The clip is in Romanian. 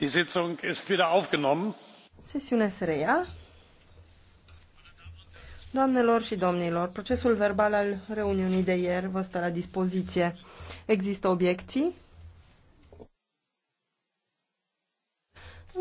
Die Sitzung ist wieder aufgenommen. Sesiunea se reia. Doamnelor și domnilor, procesul verbal al reuniunii de ieri vă stă la dispoziție. Există obiecții?